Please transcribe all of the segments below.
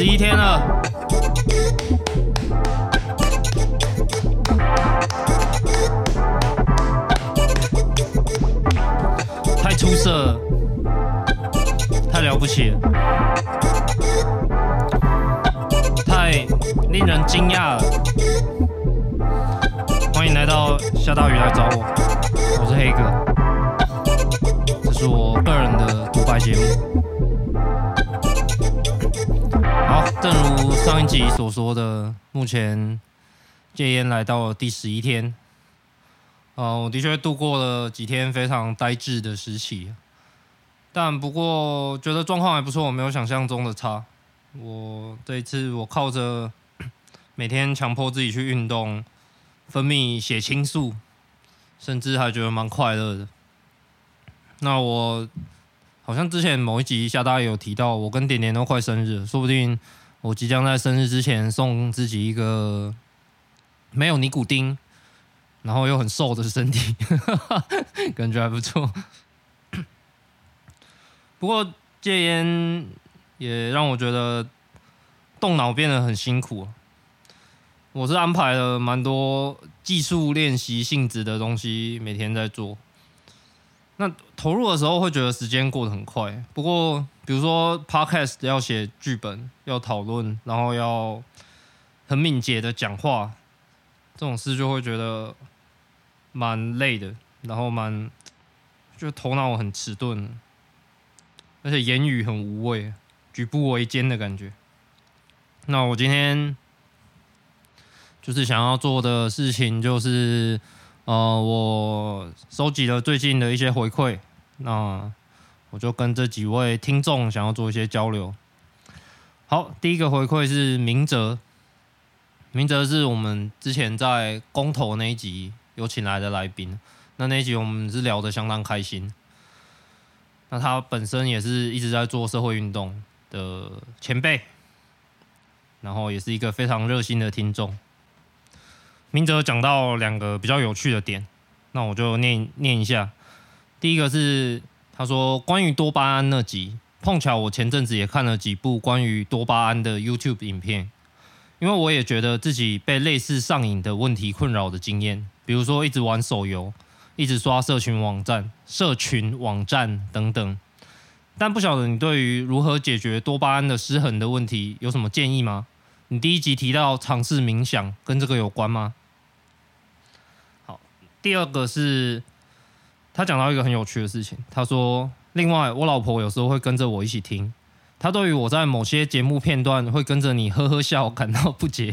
十一天了，太出色了，太了不起了，太令人驚訝了。歡迎來到下大雨來找我，我是黑格，這是我個人的獨白節目。正如上一集所說的，目前戒菸來到了第十一天，啊、呃，我的確度過了幾天非常呆滯的時期，但不過覺得狀況還不錯，我沒有想象中的差。我這一次我靠着每天強迫自己去運動，分泌血清素，甚至還覺得蠻快樂的。那我好像之前某一集一下，大家有提到，我跟點點都快生日，說不定。我即將在生日之前送自己一個沒有尼古丁，然後又很瘦的身體， 感覺還不錯。不過戒菸也讓我覺得動腦變得很辛苦啊。我是安排了蠻多技術練習性質的東西，每天在做。那投入的時候會覺得時間過得很快，不過。比如說，Podcast 要寫劇本，要討論，然後要很敏捷的講話，這種事就會覺得蠻累的，然後蠻就頭腦很遲鈍，而且言語很無味，舉步維艱的感覺。那我今天就是想要做的事情，就是呃，我收集了最近的一些回饋，那、呃。我就跟這幾位聽眾想要做一些交流。好，第一個回饋是明哲。明哲是我們之前在公投那一集有請來的來賓。那那一集我們是聊得相當開心。那他本身也是一直在做社會運動的前輩，然後也是一個非常熱心的聽眾。明哲講到兩個比較有趣的點，那我就念念一下。第一個是，他說：“關於多巴胺那集，碰巧我前陣子也看了幾部關於多巴胺的 YouTube 影片，因為我也覺得自己被類似上癮的問題困擾的經驗，比如說一直玩手遊，一直刷社群網站、社群網站等等。但不曉得你對於如何解決多巴胺的失衡的問題有什麼建議嗎？你第一集提到嘗試冥想，跟這個有關嗎？好，第二個是。”他講到一個很有趣的事情，他說：“另外，我老婆有時候會跟着我一起聽，她對於我在某些節目片段會跟着你呵呵笑感到不解。”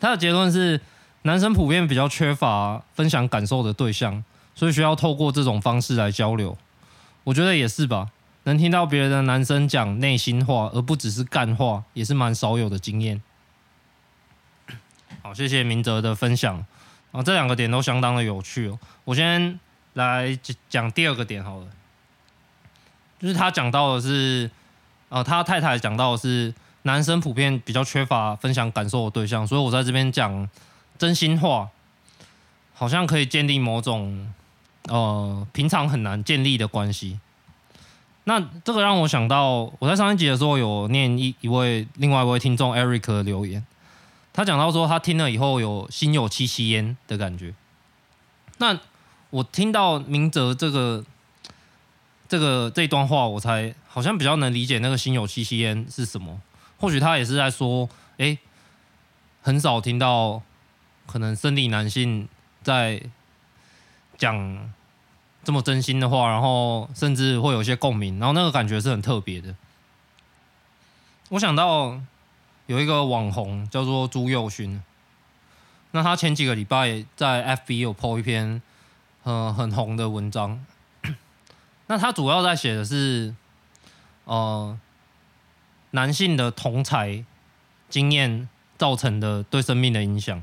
他的結論是：男生普遍比較缺乏分享感受的對象，所以需要透過這種方式來交流。我覺得也是吧，能聽到別人的男生講內心話，而不只是幹話，也是蠻少有的經驗。好，謝謝明哲的分享啊，這兩個點都相當的有趣哦。我先。來講第二個點好了，就是他講到的是，呃，他太太講到的是男生普遍比較缺乏分享感受的對象，所以我在這邊講真心話，好像可以建立某種呃，平常很難建立的關係。那這個讓我想到，我在上一集的時候有念一一位另外一位聽眾 Eric 的留言，他講到說他聽了以後有心有戚戚焉的感覺，那，我聽到明哲這個這個這段話，我才好像比較能理解那個“心有戚戚焉”是什麼。或許他也是在說，哎、欸，很少聽到可能生理男性在講這麼真心的話，然後甚至會有一些共鳴，然後那個感覺是很特別的。我想到有一個網紅叫做朱宥勳，那他前幾個禮拜也在 FB 有 po 一篇。很、呃、很紅的文章， 那他主要在寫的是，呃，男性的同儕經驗造成的對生命的影響。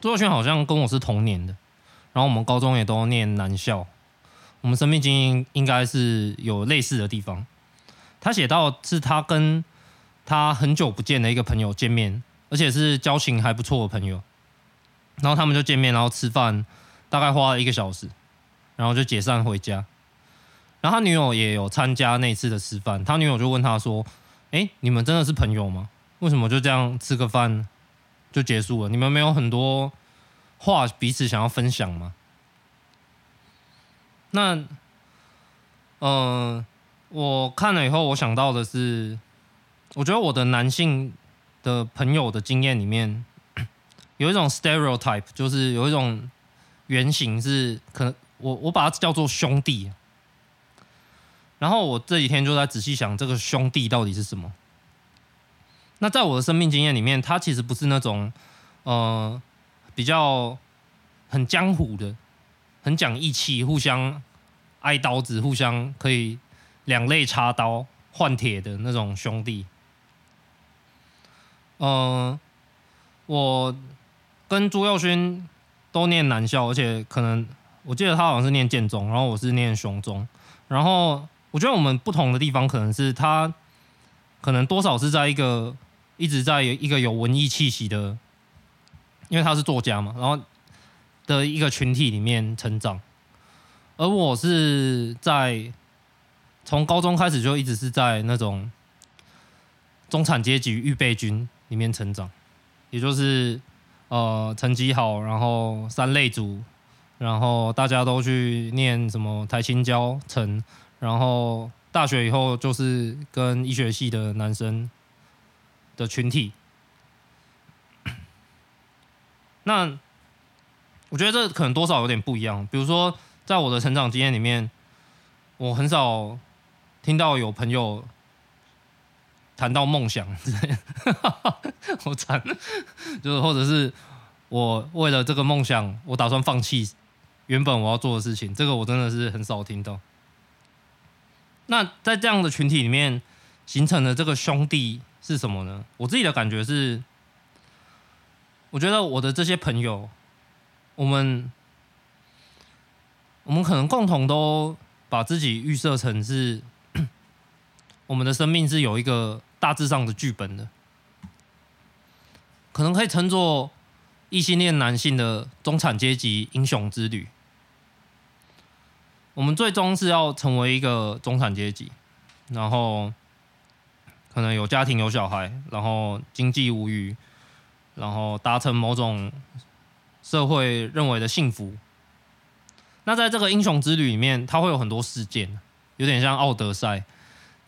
周耀軒好像跟我是同年的，然後我們高中也都念男校，我們生命經驗應該是有類似的地方。他寫到是他跟他很久不見的一個朋友見面，而且是交情還不錯的朋友，然後他們就見面，然後吃飯。大概花了一個小時，然後就解散回家。然後他女友也有參加那次的吃飯，他女友就問他說：“哎，你們真的是朋友嗎？為什麼就這樣吃個飯就結束了？你們沒有很多話彼此想要分享嗎？”那，嗯、呃，我看了以後，我想到的是，我覺得我的男性的朋友的經驗裡面有一種 stereotype，就是有一種。原型是可能我我把它叫做「兄弟」，然後我這幾天就在仔細想這個兄弟到底是什麼。那在我的生命經驗裡面，他其實不是那種，呃，比較很江湖的，很講義氣，互相挨刀子，互相可以兩肋插刀換鐵的那種兄弟。嗯、呃，我跟朱耀軒。都念男校，而且可能我記得他好像是念建中，然後我是念雄中，然後我覺得我們不同的地方可能是他可能多少是在一個一直在一個有文藝氣息的，因為他是作家嘛，然後的一個群體裡面成長，而我是在從高中開始就一直是在那種中產階級預備軍裡面成長，也就是。呃，成績好，然後三類組，然後大家都去念什麼台清交成，然後大學以後就是跟醫學系的男生的群體。那我覺得這可能多少有點不一樣，比如說在我的成長經驗裡面，我很少聽到有朋友。談到夢想， 好慘！就或者是我為了這個夢想，我打算放棄原本我要做的事情。這個我真的是很少聽到。那在這樣的群體裡面形成的這個兄弟是什麼呢？我自己的感覺是，我覺得我的這些朋友，我們我們可能共同都把自己預設成是我們的生命是有一個，大致上的劇本的，可能可以稱作異性戀男性的中產階級英雄之旅。我們最終是要成為一個中產階級，然後可能有家庭、有小孩，然後經濟無虞，然後達成某種社會認為的幸福。那在這個英雄之旅裡面，它會有很多事件，有點像《奧德賽》。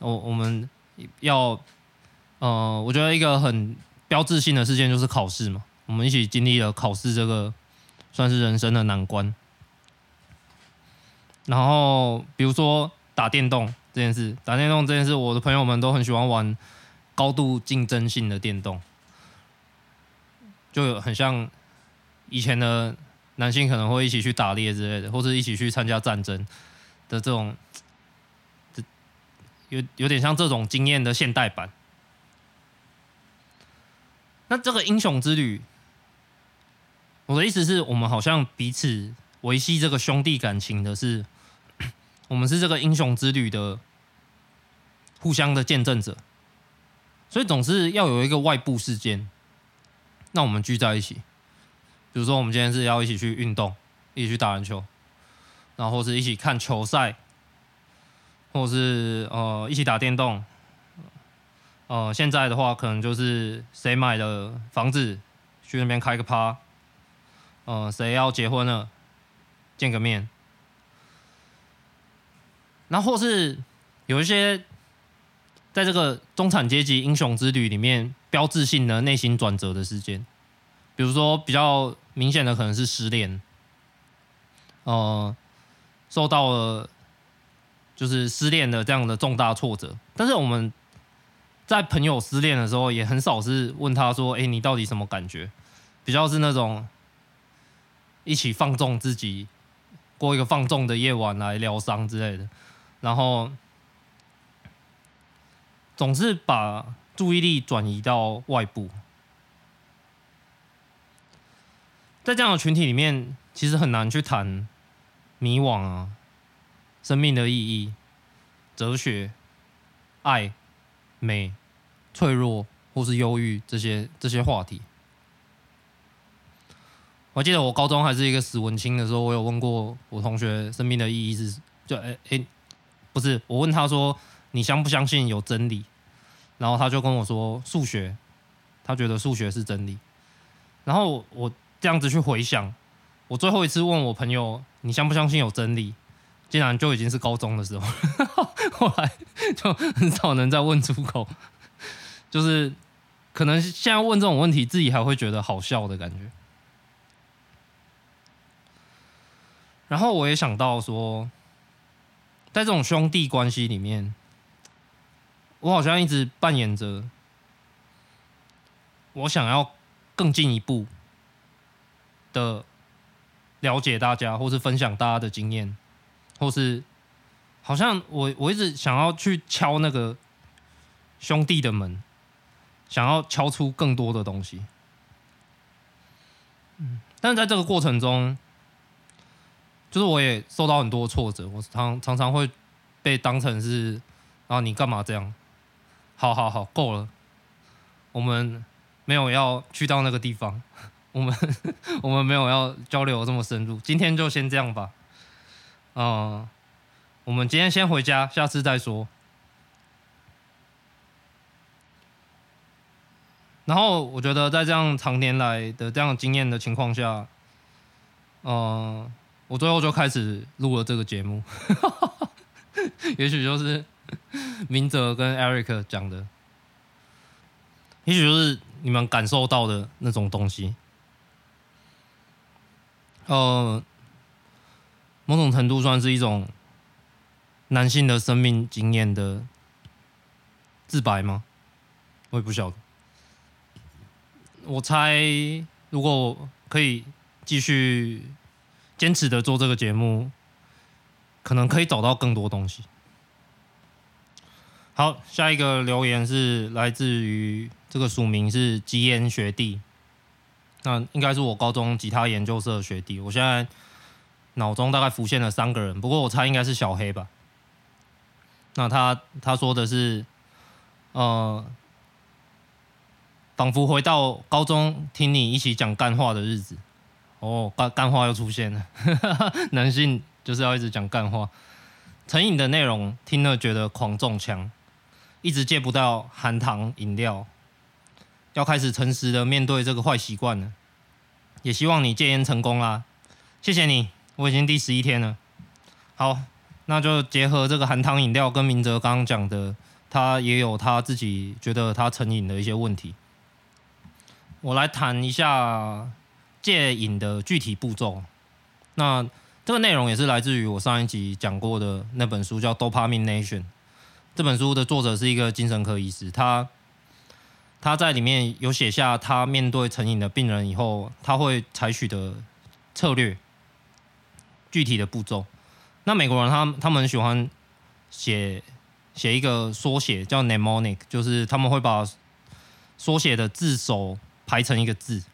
我我們要。呃，我覺得一個很標誌性的事件就是考試嘛，我們一起經歷了考試這個算是人生的難關。然後比如說打電動這件事，打電動這件事，我的朋友們都很喜歡玩高度競爭性的電動，就很像以前的男性可能會一起去打獵之類的，或者一起去參加戰爭的這種，有有點像這種經驗的現代版。那這個英雄之旅，我的意思是我們好像彼此維繫這個兄弟感情的是，我們是這個英雄之旅的互相的見證者，所以總是要有一個外部事件，那我們聚在一起，比如說我們今天是要一起去運動，一起去打籃球，然後或是一起看球賽，或是呃一起打電動。呃，現在的話，可能就是誰買了房子，去那邊開個趴，嗯、呃，誰要結婚了，見個面，然後或是有一些在這個中產階級英雄之旅裡面標誌性的內心轉折的事件，比如說比較明顯的可能是失戀，呃，受到了就是失戀的這樣的重大挫折，但是我們。在朋友失戀的時候，也很少是問他說：“哎，你到底什麼感覺？”比較是那種一起放縱自己，過一個放縱的夜晚來療傷之類的。然後總是把注意力轉移到外部，在這樣的群體裡面，其實很難去談迷惘啊、生命的意義、哲學、愛。美、脆弱或是憂鬱這些這些話題，我記得我高中還是一個死文青的時候，我有問過我同學生命的意義是，就哎、欸欸，不是，我問他說你相不相信有真理，然後他就跟我說數學，他覺得數學是真理。然後我，我這樣子去回想，我最後一次問我朋友你相不相信有真理，竟然就已經是高中的時候。 後來就很少能再問出口，就是可能現在問這種問題，自己還會覺得好笑的感覺。然後我也想到說，在這種兄弟關係裡面，我好像一直扮演着我想要更進一步的了解大家，或是分享大家的經驗，或是。好像我我一直想要去敲那個兄弟的門，想要敲出更多的東西。嗯，但是在這個過程中，就是我也受到很多挫折。我常常常會被當成是啊，你幹嘛這樣？好好好，夠了，我們沒有要去到那個地方。我們我們沒有要交流這麼深入，今天就先這樣吧。嗯、呃。我們今天先回家，下次再說。然後我覺得，在這樣長年來的這樣經驗的情況下，嗯、呃，我最後就開始錄了這個節目。 也許就是明哲跟 Eric 講的，也許就是你們感受到的那種東西。呃，某種程度算是一種。男性的生命經驗的自白嗎？我也不曉得。我猜，如果可以繼續堅持的做這個節目，可能可以找到更多東西。好，下一個留言是來自於這個署名是基恩學弟，那應該是我高中吉他研究社的學弟。我現在腦中大概浮現了三個人，不過我猜應該是小黑吧。那他他說的是，呃，仿佛回到高中聽你一起講幹話的日子。哦，幹幹話又出現了， 男性就是要一直講幹話，成癮的內容聽了覺得狂中槍，一直戒不到含糖飲料，要開始誠實的面對這個壞習慣了，也希望你戒煙成功啦、啊，謝謝你，我已經第十一天了，好。那就結合這個含糖飲料跟明哲剛剛講的，他也有他自己覺得他成癮的一些問題。我來談一下戒癮的具體步驟。那這個內容也是來自於我上一集講過的那本書，叫《Dopamine Nation》。這本書的作者是一個精神科醫師，他他在裡面有寫下他面對成癮的病人以後他會採取的策略，具體的步驟。那美國人他們，他們喜歡寫寫一個縮寫叫 mnemonic，就是他們會把縮寫的字首排成一個字。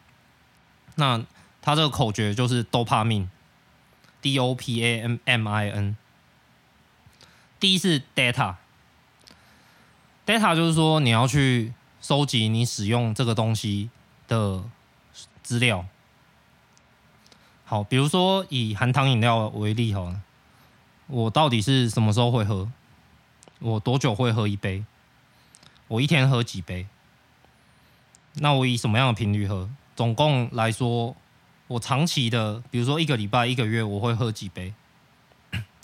那他這個口訣就是 dopamin, D-O-P-A-M-I-N D-O-P-A-M-M-I-N。第一是 data，data 就是說你要去收集，你使用這個東西的資料。好，比如說以含糖飲料為例好了。我到底是什麼時候會喝？我多久會喝一杯？我一天喝幾杯？那我以什麼樣的頻率喝？總共來說，我長期的，比如說一個禮拜、一個月，我會喝幾杯？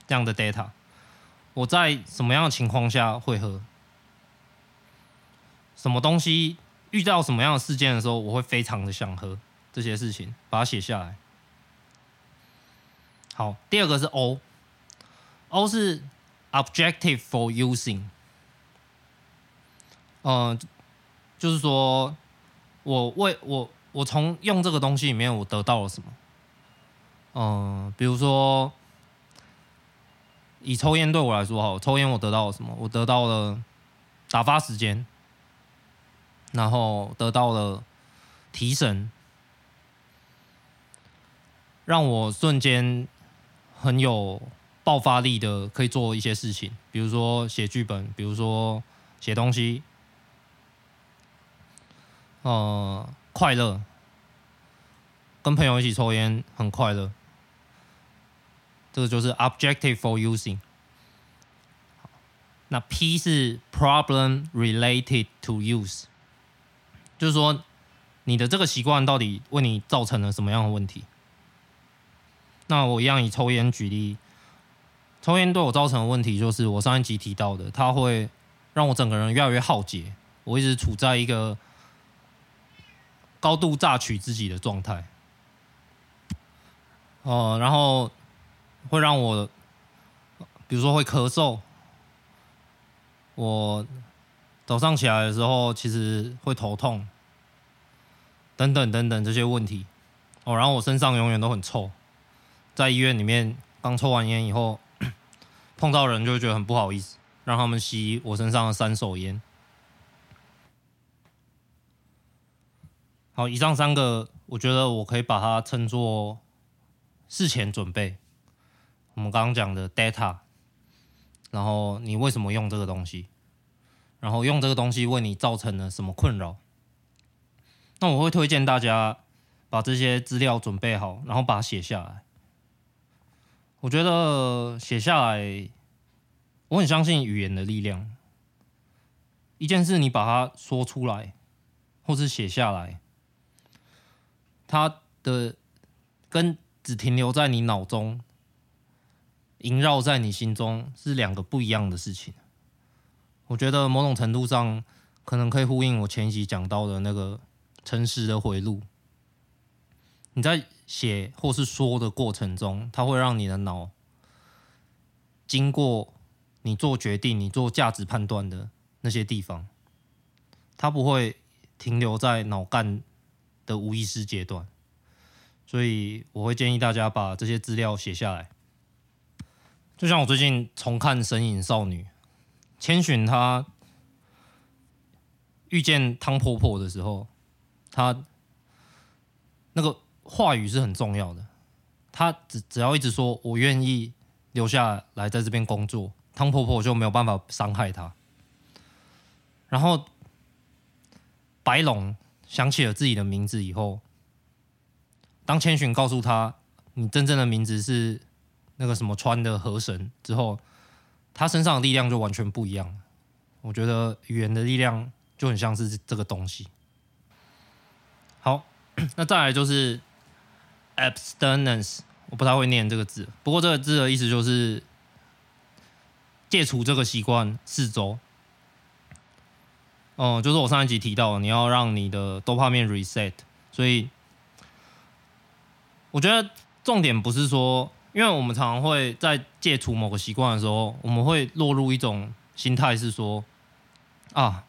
這樣的 data。我在什麼樣的情況下會喝？什麼東西遇到什麼樣的事件的時候，我會非常的想喝？這些事情把它寫下來。好，第二個是 O。都是 objective for using，嗯、呃，就是說我為我我從用這個東西裡面，我得到了什麼，嗯、呃，比如說以抽菸對我來說，哈，抽菸我得到了什麼？我得到了打發時間，然後得到了提神，讓我瞬間很有。爆發力的可以做一些事情，比如說寫劇本，比如說寫東西，呃，快樂，跟朋友一起抽烟很快樂，這個就是 objective for using。那 P 是 problem related to use，就是說你的這個習慣到底為你造成了什麼樣的問題？那我一樣以抽烟舉例。抽煙對我造成的問題，就是我上一集提到的，它會讓我整個人越來越耗竭。我一直處在一個高度榨取自己的狀態，哦，然後會讓我，比如說會咳嗽，我早上起來的時候其實會頭痛，等等等等這些問題。哦，然後我身上永遠都很臭，在醫院裡面剛抽完煙以後。碰到人就會覺得很不好意思，讓他們吸我身上的三手煙。好，以上三個，我覺得我可以把它稱作事前準備。我們剛剛講的 data，然後你為什麼用這個東西，然後用這個東西為你造成了什麼困擾？那我會推薦大家把這些資料準備好，然後把它寫下來。我覺得寫下來，我很相信語言的力量。一件事，你把它說出來，或是寫下來，它的跟只停留在你腦中、縈繞在你心中是兩個不一樣的事情。我覺得某種程度上，可能可以呼應我前一集講到的那個誠實的回路。你在。寫或是說的過程中，它會讓你的腦經過你做決定、你做價值判斷的那些地方，它不會停留在腦幹的無意識階段。所以我會建議大家把這些資料寫下來。就像我最近重看《神隱少女》，千尋她遇見湯婆婆的時候，她那個。話語是很重要的，他只只要一直說“我願意留下來在這邊工作”，湯婆婆就沒有辦法傷害他。然後白龍想起了自己的名字以後，當千尋告訴他“你真正的名字是那個什麼川的河神”之後，他身上的力量就完全不一樣了。我覺得語言的力量就很像是這個東西。好，那再來就是。Abstinence，我不太會念這個字，不過這個字的意思就是戒除這個習慣四周。嗯，就是我上一集提到的，你要讓你的 dopamine reset。所以我覺得重點不是說，因為我們常常會在戒除某個習慣的時候，我們會落入一種心態是說，啊，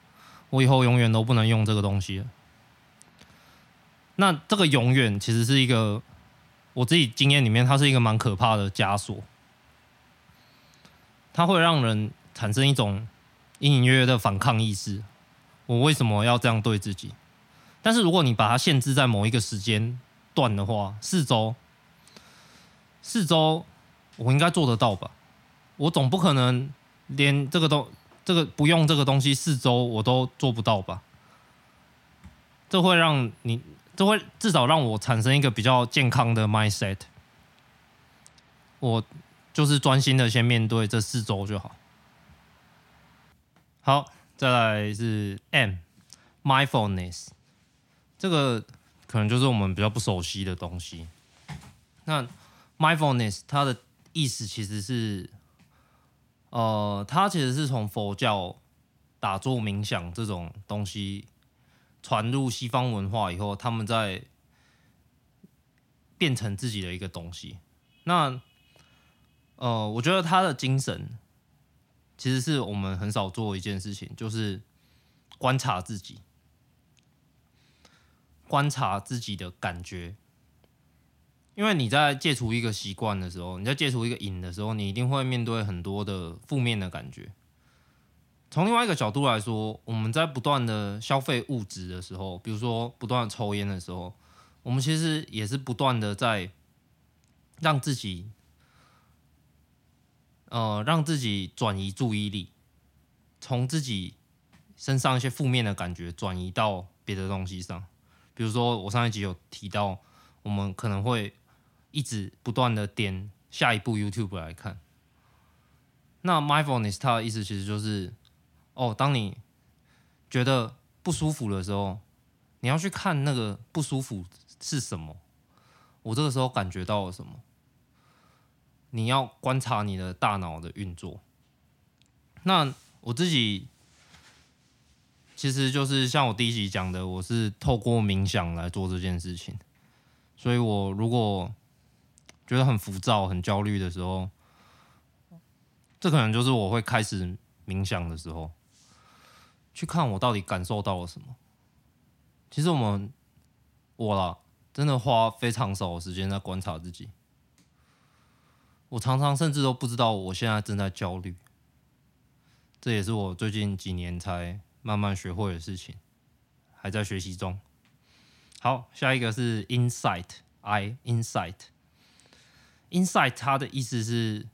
我以後永遠都不能用這個東西了。那這個永遠其實是一個。我自己經驗裡面，它是一個蠻可怕的枷鎖，它會讓人產生一種隱隱約約的反抗意識。我為什麼要這樣對自己？但是如果你把它限制在某一個時間段的話，四周，四周，我應該做得到吧？我總不可能連這個都，這個不用，這個東西，四周我都做不到吧？這會讓你。都會至少讓我產生一個比較健康的 mindset，我就是專心的先面對這四周就好。好，再來是 M，mindfulness，這個可能就是我們比較不熟悉的東西。那 mindfulness 它的意思其實是，呃，它其實是從佛教打坐冥想這種東西。傳入西方文化以後，他們在變成自己的一個東西。那呃，我覺得他的精神其實是我們很少做的一件事情，就是觀察自己，觀察自己的感覺。因為你在戒除一個習慣的時候，你在戒除一個癮的時候，你一定會面對很多的負面的感覺。從另外一個角度來說，我們在不斷的消費物質的時候，比如說不斷的抽煙的時候，我們其實也是不斷的在讓自己，呃，讓自己轉移注意力，從自己身上一些負面的感覺轉移到別的東西上。比如說我上一集有提到，我們可能會一直不斷的點下一部 YouTube 來看。那 Mindfulness 它的意思其實就是。哦，當你覺得不舒服的時候，你要去看那個不舒服是什麼。我這個時候感覺到了什麼？你要觀察你的大腦的運作。那我自己其實就是像我第一集講的，我是透過冥想來做這件事情。所以我如果覺得很浮躁、很焦慮的時候，這可能就是我會開始冥想的時候。去看我到底感受到了什麼？其實我們，我啦，真的花非常少的時間在觀察自己。我常常甚至都不知道我現在正在焦慮。這也是我最近幾年才慢慢學會的事情，還在學習中。好，下一個是 insight，I，insight，insight 它的意思是，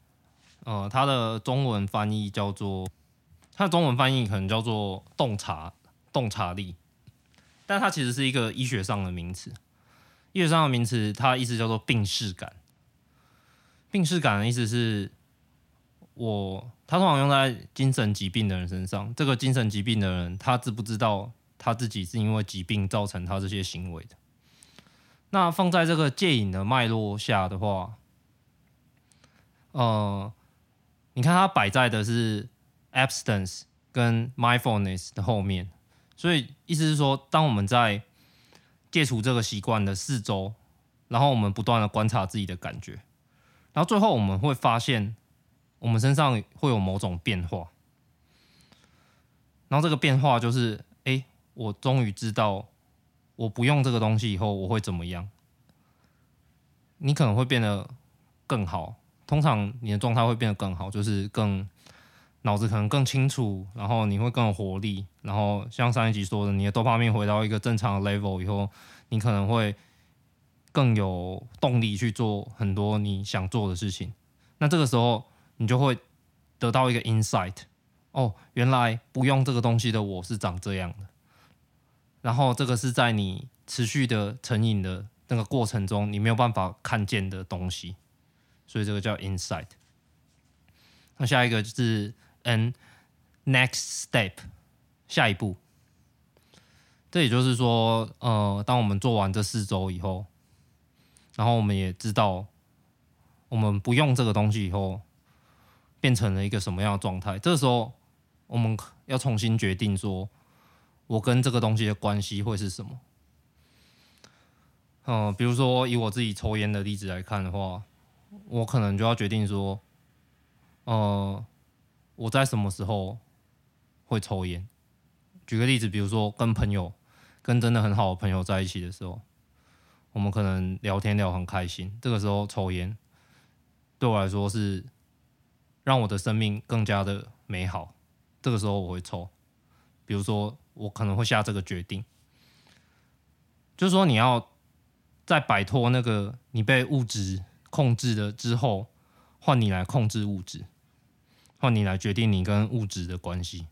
呃，它的中文翻譯叫做。它的中文翻譯可能叫做洞察、洞察力，但它其實是一個醫學上的名詞。醫學上的名詞，它意思叫做病識感。病識感的意思是，我它通常用在精神疾病的人身上。這個精神疾病的人，他知不知道他自己是因為疾病造成他這些行為的？那放在這個戒癮的脈絡下的話，呃，你看它擺在的是。Abstinence 跟 mindfulness 的後面，所以意思是說，當我們在戒除這個習慣的四周，然後我們不斷的觀察自己的感覺，然後最後我們會發現，我們身上會有某種變化。然後這個變化就是，哎，我終於知道，我不用這個東西以後我會怎麼樣。你可能會變得更好，通常你的狀態會變得更好，就是更。腦子可能更清楚，然後你會更有活力，然後像上一集說的，你的 dopamine 回到一個正常的 level 以後，你可能會更有動力去做很多你想做的事情。那這個時候你就會得到一個 insight，哦，原來不用這個東西的我是長這樣的。然後這個是在你持續的成癮的那個過程中，你沒有辦法看見的東西，所以這個叫 insight。那下一個就是。And next step，下一步。這也就是說，呃，當我們做完這四周以後，然後我們也知道，我們不用這個東西以後，變成了一個什麼樣的狀態。這個時候，我們要重新決定說，我跟這個東西的關係會是什麼。嗯、呃，比如說以我自己抽煙的例子來看的話，我可能就要決定說，呃。我在什麼時候會抽煙？舉個例子，比如說跟朋友，跟真的很好的朋友在一起的時候，我們可能聊天聊很開心。這個時候抽煙對我來說是讓我的生命更加的美好。這個時候我會抽，比如說我可能會下這個決定，就是說你要在擺脫那個你被物質控制了之後，換你來控制物質。換你來決定你跟物質的關係。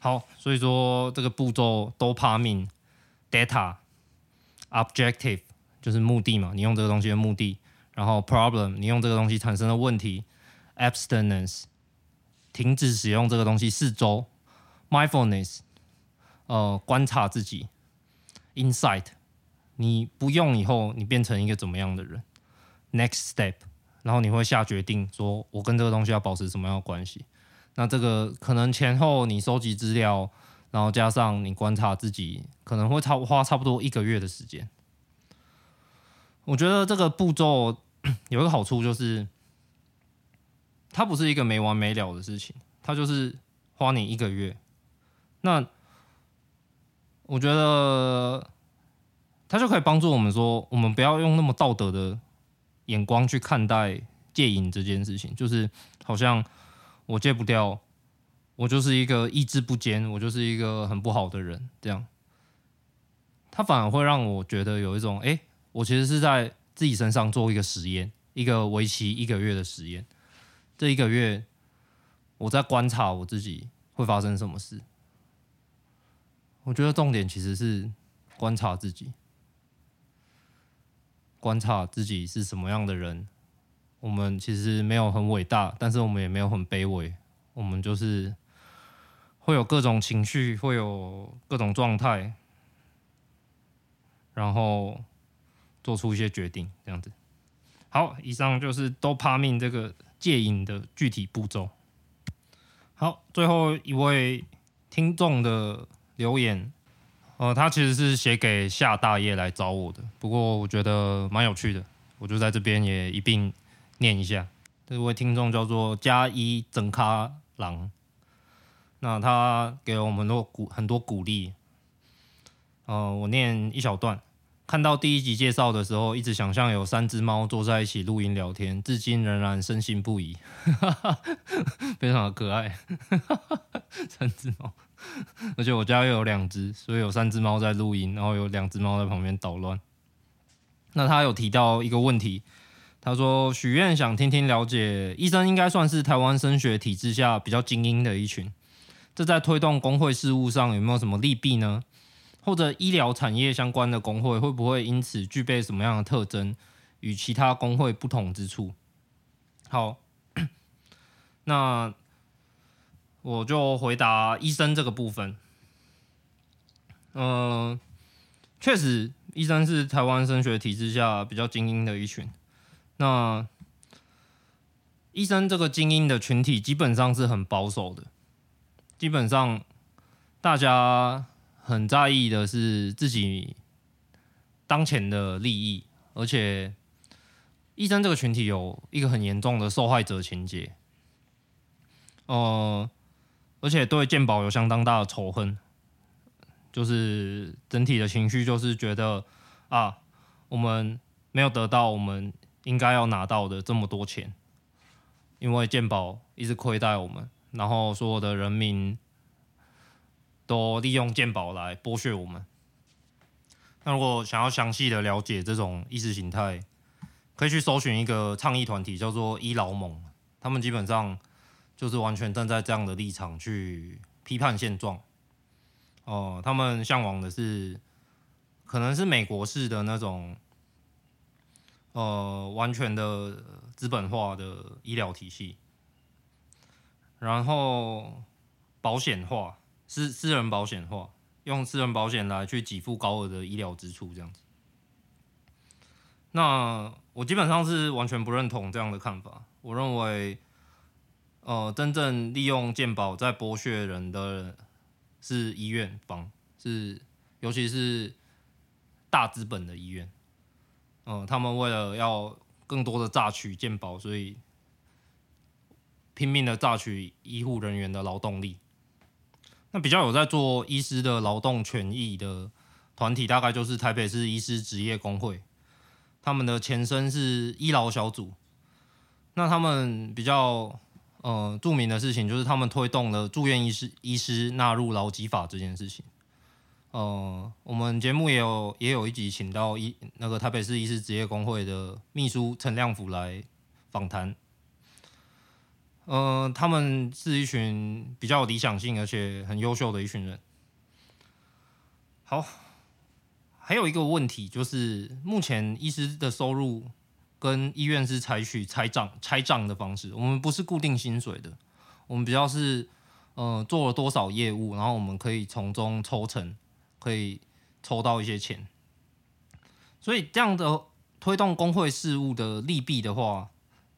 好，所以說這個步驟都怕命，Dopamine, Data objective 就是目的嘛，你用這個東西的目的。然後 problem 你用這個東西產生的問題。Abstinence 停止使用這個東西四周。Mindfulness 呃觀察自己。Insight 你不用以後你變成一個怎麼樣的人。Next step。然後你會下決定，說我跟這個東西要保持什麼樣的關係？那這個可能前後你收集資料，然後加上你觀察自己，可能會超花差不多一個月的時間。我覺得這個步驟有一個好處，就是它不是一個沒完沒了的事情，它就是花你一個月。那我覺得它就可以幫助我們說，我們不要用那麼道德的，眼光去看待戒癮這件事情，就是好像我戒不掉，我就是一個意志不堅，我就是一個很不好的人這樣。他反而會讓我覺得有一種，哎、欸，我其實是在自己身上做一個實驗，一個為期一個月的實驗。這一個月，我在觀察我自己會發生什麼事。我覺得重點其實是觀察自己。觀察自己是什麼樣的人，我們其實沒有很偉大，但是我們也沒有很卑微，我們就是會有各種情緒，會有各種狀態，然後做出一些決定，這樣子。好，以上就是 Dopamine 這個戒癮的具體步驟。好，最後一位聽眾的留言。呃，他其實是寫給下大雨來找我的，不過我覺得蠻有趣的，我就在這邊也一併念一下，這位聽眾叫做加一整咖狼，那他給了我們很多鼓很多鼓勵，呃，我念一小段，看到第一集介紹的時候，一直想象有三隻貓坐在一起錄音聊天，至今仍然深信不疑， 非常的可愛， 三隻貓。而且我家又有兩隻，所以有三隻貓在錄音，然後有兩隻貓在旁邊搗亂。那他有提到一個問題，他說許願想聽聽了解，醫生應該算是台灣升學體制下比較精英的一群，這在推動工會事務上有沒有什麼利弊呢？或者醫療產業相關的工會會不會因此具備什麼樣的特徵，與其他工會不同之處？好， 那。我就回答醫生這個部分。嗯、呃，確實，醫生是台灣升學體制下比較精英的一群。那醫生這個精英的群體基本上是很保守的，基本上大家很在意的是自己當前的利益，而且醫生這個群體有一個很嚴重的受害者情結。呃。而且對健保有相當大的仇恨，就是整體的情緒就是覺得啊，我們沒有得到我們應該要拿到的這麼多錢，因為健保一直虧待我們，然後所有的人民都利用健保來剝削我們。那如果想要詳細的了解這種意識形態，可以去搜尋一個倡議團體，叫做“醫勞盟”，他們基本上。就是完全站在這樣的立場去批判現狀，哦、呃，他們嚮往的是可能是美國式的那種，呃，完全的資本化的醫療體系，然後保險化，私私人保險化，用私人保險來去給付高額的醫療支出，這樣子。那我基本上是完全不認同這樣的看法，我認為。呃，真正利用健保在剝削人的，是醫院方，是尤其是大資本的醫院。嗯、呃，他們為了要更多的榨取健保，所以拼命的榨取醫護人員的勞動力。那比較有在做醫師的勞動權益的團體，大概就是台北市醫師職業工會，他們的前身是醫勞小組。那他們比較。呃，著名的事情就是他們推動了住院醫師醫師納入勞基法這件事情。呃，我們節目也有也有一集，請到醫那個台北市醫師職業工會的秘書陳亮甫來訪談。呃，他們是一群比較理想性而且很優秀的一群人。好，還有一個問題就是目前醫師的收入，跟醫院是採取拆賬拆賬的方式，我們不是固定薪水的，我們比較是呃做了多少業務，然後我們可以從中抽成，可以抽到一些錢。所以這樣的推動工會事務的利弊的話，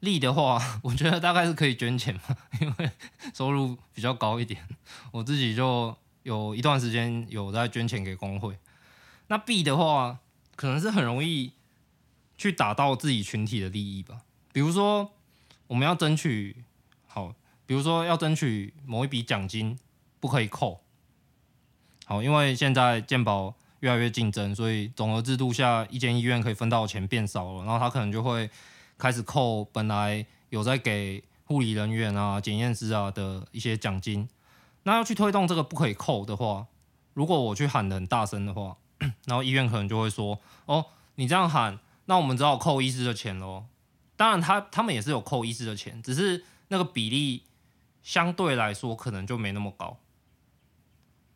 利的話，我覺得大概是可以捐錢嘛，因為收入比較高一點，我自己就有一段時間有在捐錢給工會。那弊的話，可能是很容易。去達到自己群體的利益吧。比如說我們要爭取好，比如說要爭取某一筆獎金不可以扣，好，因為現在健保越來越競爭，所以總額制度下一間醫院可以分到的錢變少了，然後他可能就會開始扣本來有在給護理人員啊、檢驗師啊的一些獎金。那要去推動這個不可以扣的話，如果我去喊得很大聲的話，然後醫院可能就會說：哦，你這樣喊。那我們只好扣醫師的錢嘍。當然他，他他們也是有扣醫師的錢，只是那個比例相對來說可能就沒那麼高。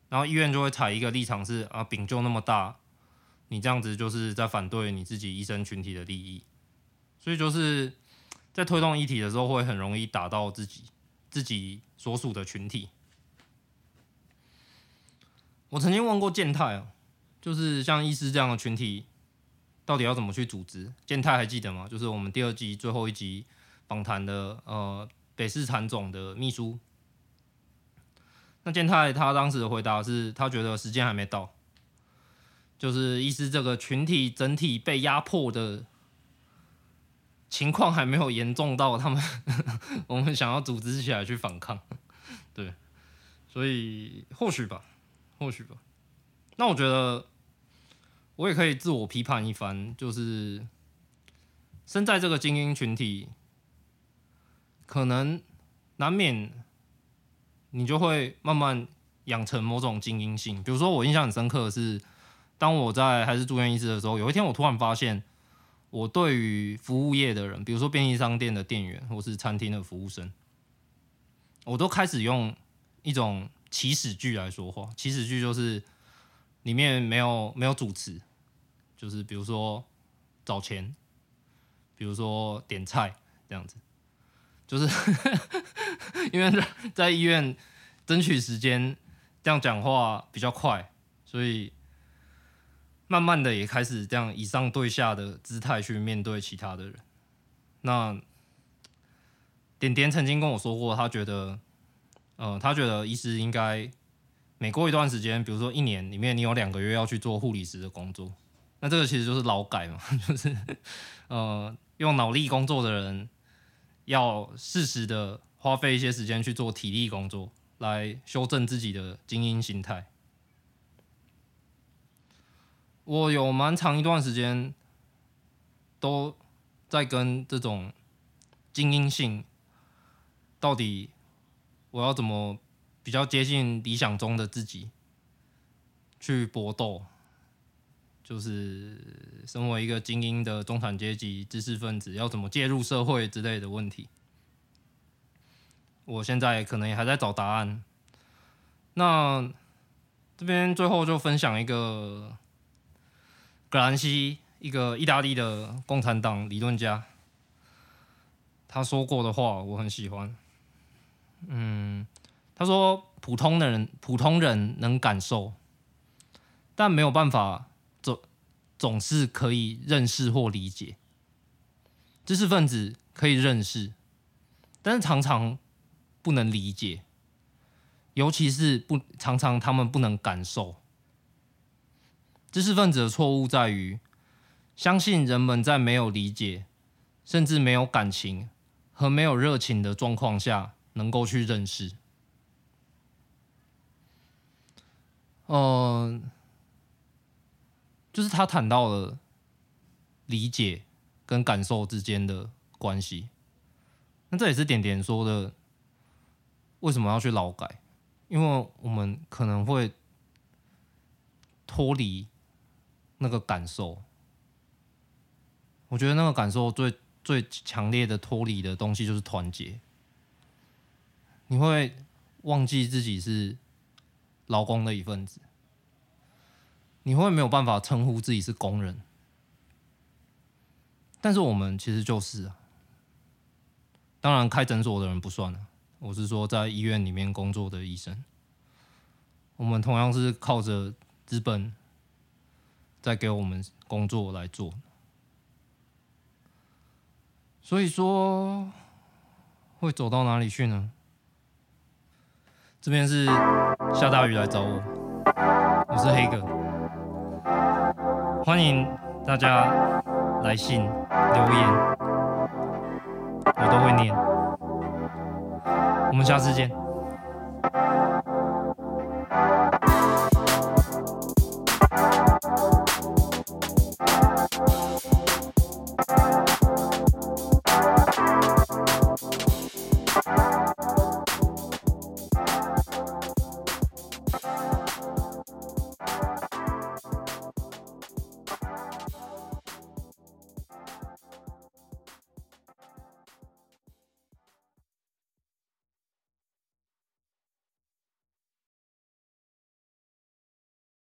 然後醫院就會採一個立場是啊，餅就那麼大，你這樣子就是在反對你自己醫生群體的利益。所以就是在推動議題的時候，會很容易打到自己自己所屬的群體。我曾經問過健太，就是像醫師這樣的群體，到底要怎麼去組織？健太還記得嗎？就是我們第二季最後一集訪談的，呃，北市產總的秘書。那健太他當時的回答是，他覺得時間還沒到，就是醫師這個群體整體被壓迫的情況還沒有嚴重到他們 我們想要組織起來去反抗。對，所以或許吧，或許吧。那我覺得。我也可以自我批判一番，就是身在這個精英群體，可能難免你就會慢慢養成某種精英性。比如說，我印象很深刻的是，當我在還是住院醫師的時候，有一天我突然發現，我對於服務業的人，比如說便利商店的店員，或是餐廳的服務生，我都開始用一種起始句來說話。起始句就是裡面沒有沒有主詞。就是比如說找錢，比如說點菜這樣子，就是 因為在醫院爭取時間，這樣講話比較快，所以慢慢的也開始這樣以上對下的姿態去面對其他的人。那點點曾經跟我說過，他覺得，嗯、呃，他覺得醫師應該每過一段時間，比如說一年裡面，你有兩個月要去做護理師的工作。那這個其實就是勞改嘛，就是呃，用腦力工作的人要適時的花費一些時間去做體力工作，來修正自己的精英心態。我有蠻長一段時間都在跟這種精英性到底我要怎麼比較接近理想中的自己去搏鬥。就是身為一個精英的中產階級知識分子，要怎麼介入社會之類的問題，我現在可能也還在找答案。那這邊最後就分享一個葛蘭西，一個意大利的共產黨理論家，他說過的話我很喜歡。嗯，他說：“普通的人，普通人能感受，但沒有辦法。”總，總是可以認識或理解，知識分子可以認識，但是常常不能理解，尤其是不，常常他們不能感受。知識分子的錯誤在於相信人們在沒有理解、甚至沒有感情和沒有熱情的狀況下，能夠去認識。嗯、呃。就是他談到了理解跟感受之間的關係，那這也是點點說的，為什麼要去勞改？因為我們可能會脫離那個感受。我覺得那個感受最最強烈的脫離的東西就是團結，你會忘記自己是勞工的一份子。你會沒有辦法稱呼自己是工人，但是我們其實就是啊，當然開診所的人不算了啊，我是說在醫院裡面工作的醫生，我們同樣是靠着資本在給我們工作來做。所以說會走到哪裡去呢？這邊是下大雨來找我，我是黑格。歡迎大家來信留言，我都會念。我們下次見。